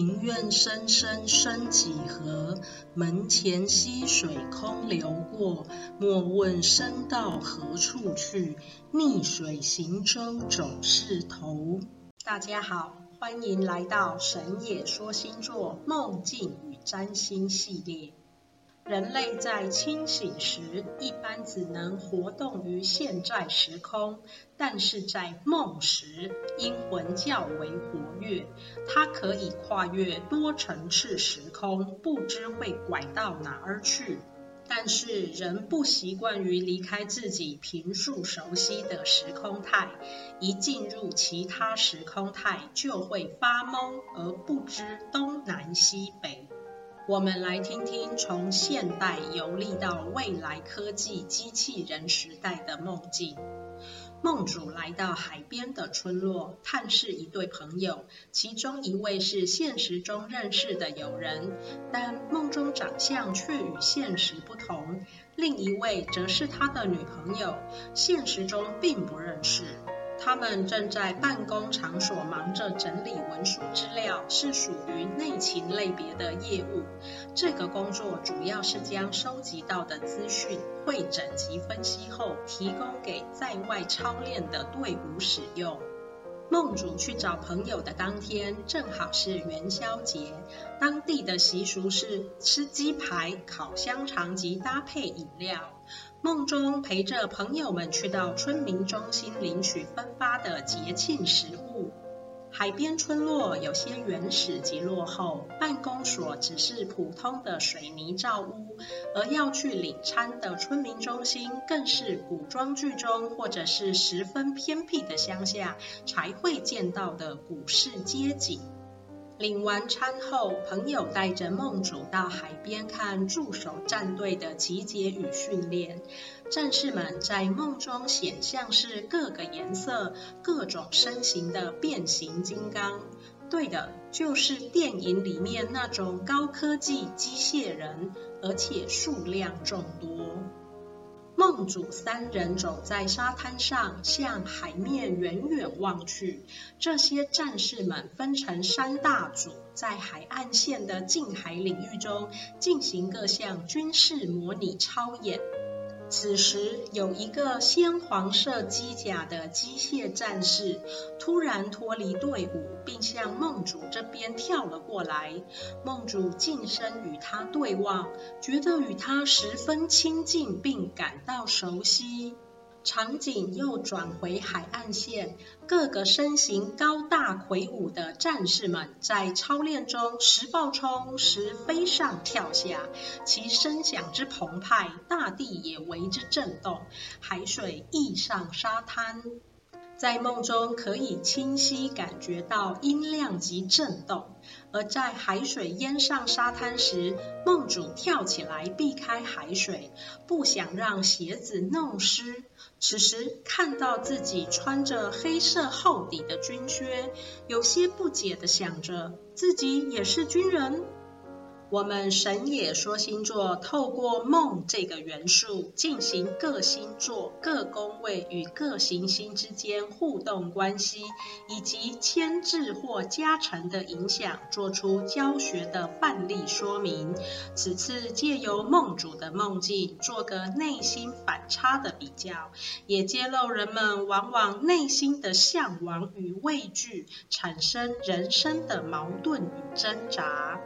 庭院深深深幾何，門前溪水空流過。莫問身到何處去，逆水行舟總是頭。大家好，歡迎來到神野說星座夢境與占星系列。人類在清醒時，一般只能活動於現在時空，但是在夢時，陰魂較為活躍，它可以跨越多層次時空，不知會拐到哪兒去。但是人不習慣於離開自己平素熟悉的時空態，一進入其他時空態就會發蒙，而不知東南西北。我們來聽聽從現代遊歷到未來科技機器人時代的夢境。夢主來到海邊的村落，探視一對朋友，其中一位是現實中認識的友人，但夢中長相卻與現實不同；另一位則是他的女朋友，現實中並不認識。他們正在辦公場所忙着整理文書資料，是屬於內勤類別的業務。這個工作主要是將收集到的資訊匯整及分析後，提供給在外操練的隊伍使用。夢主去找朋友的當天，正好是元宵節，當地的習俗是吃雞排、烤香腸及搭配飲料。夢中陪着朋友們去到村民中心領取分發的節慶食物。海邊村落有些原始及落後，辦公所只是普通的水泥造屋，而要去領餐的村民中心，更是古裝劇中或者是十分偏僻的鄉下才會見到的古式街景。領完餐後，朋友帶着夢主到海邊看駐守戰隊的集結與訓練。戰士們在夢中顯像是各個顏色、各種身形的變形金剛，對的，就是電影裡面那種高科技機械人，而且數量眾多。孟祖三人走在沙灘上，向海面遠遠望去。這些戰士們分成三大組，在海岸線的近海領域中進行各項軍事模擬操演。此時，有一個鮮黃色機甲的機械戰士突然脫離隊伍，並向夢主這邊跳了過來。夢主近身與他對望，覺得與他十分親近，並感到熟悉。場景又轉回海岸線，各個身形高大魁梧的戰士們在操練中時暴衝，時飛上跳下，其聲響之澎湃，大地也為之震動，海水溢上沙灘。在夢中可以清晰感覺到音量及震動，而在海水淹上沙灘時，夢主跳起來避開海水，不想讓鞋子弄濕。此時看到自己穿着黑色厚底的軍靴，有些不解地想着，自己也是軍人。我們神野說星座透過夢這個元素，進行各星座、各宮位與各行星之間互動關係，以及牽制或加乘的影響，做出教學的範例說明。此次借由夢主的夢境，做個內心反差的比較，也揭露人們往往內心的嚮往與畏懼，產生人生的矛盾與掙扎。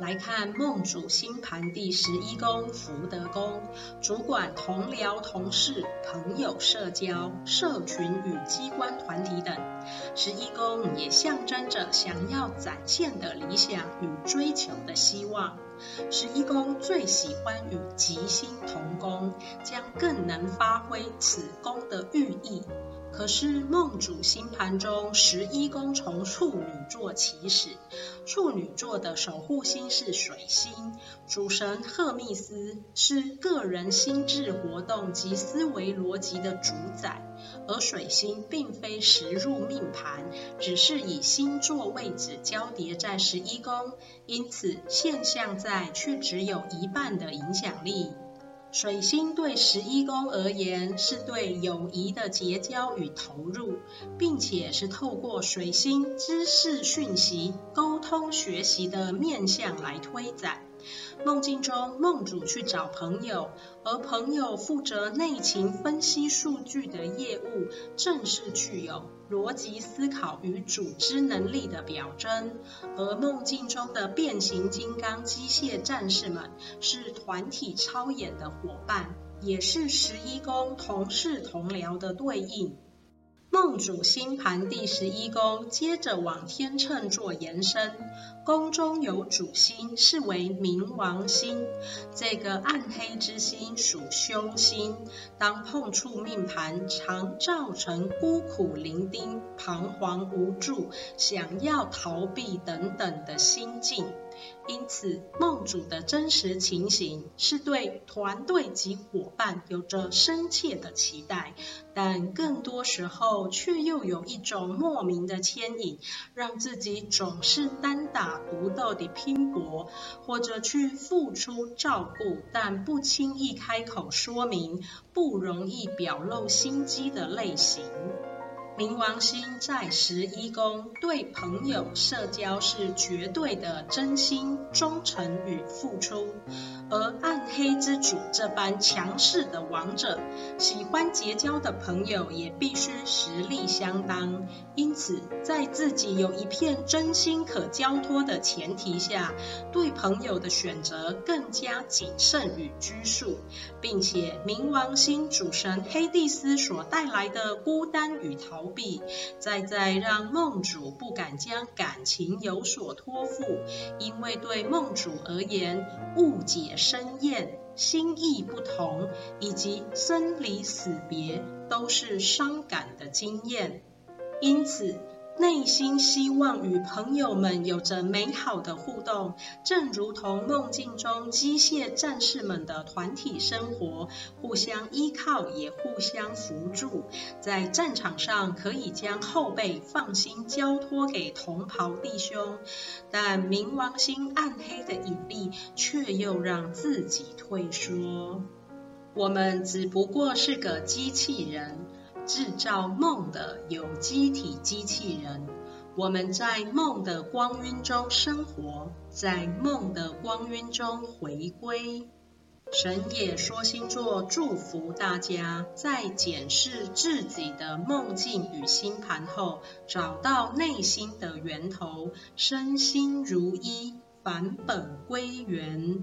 來看夢主星盤第十一宮福德宮，主管同僚、同事、朋友、社交、社群與機關團體等。十一宮也象徵着想要展現的理想與追求的希望。十一宮最喜歡與吉星同宮，將更能發揮此宮的寓意。可是夢主星盤中十一宮從處女座起始，處女座的守護星是水星，主神赫密斯是個人心智活動及思維邏輯的主宰，而水星並非實入命盤，只是以星座位置交疊在十一宮，因此現象在卻只有一半的影響力。水星對十一宮而言，是對友誼的結交與投入，並且是透過水星知識訊息、溝通學習的面向來推展。夢境中，夢主去找朋友，而朋友負責內勤、分析數據的業務，正是具有邏輯思考與組織能力的表徵。而夢境中的變形金剛機械戰士們，是團體操演的夥伴，也是十一宮同事同僚的對應。夢主星盤第十一宮，接着往天秤座延伸，宮中有主星是為冥王星，這個暗黑之星屬凶星，當碰觸命盤，常造成孤苦伶仃、彷徨無助、想要逃避等等的心境。因此，夢主的真實情形是對團隊及夥伴有着深切的期待，但更多時候卻又有一種莫名的牽引，讓自己總是單打獨鬥的拼搏，或者去付出照顧，但不輕易開口說明，不容易表露心機的類型。冥王星在十一宮，對朋友社交是絕對的真心、忠誠與付出。而暗黑之主這般強勢的王者，喜歡結交的朋友也必須實力相當。因此，在自己有一片真心可交託的前提下，對朋友的選擇更加謹慎與拘束，並且冥王星主神黑帝斯所帶來的孤單與逃避。不必再再讓夢主不敢將感情有所托付，因為對夢主而言，誤解、生厭、心意不同，以及生離死別，都是傷感的經驗。因此，內心希望與朋友們有着美好的互動，正如同夢境中機械戰士們的團體生活，互相依靠也互相扶助，在戰場上可以將後背放心交托給同袍弟兄，但冥王星暗黑的引力卻又讓自己退縮。我們只不過是個機器人。製造夢的有機體機器人，我們在夢的光暈中生活，在夢的光暈中回歸。神野說星座祝福大家，在檢視自己的夢境與星盤後，找到內心的源頭，身心如一，返本歸源。